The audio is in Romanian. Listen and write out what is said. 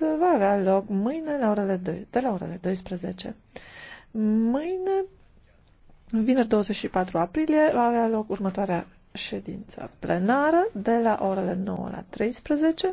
va avea loc mâine la orele 2, de la orele 12. Mâine, vineri 24 aprilie, va avea loc următoarea ședință plenară de la orele 9 la 13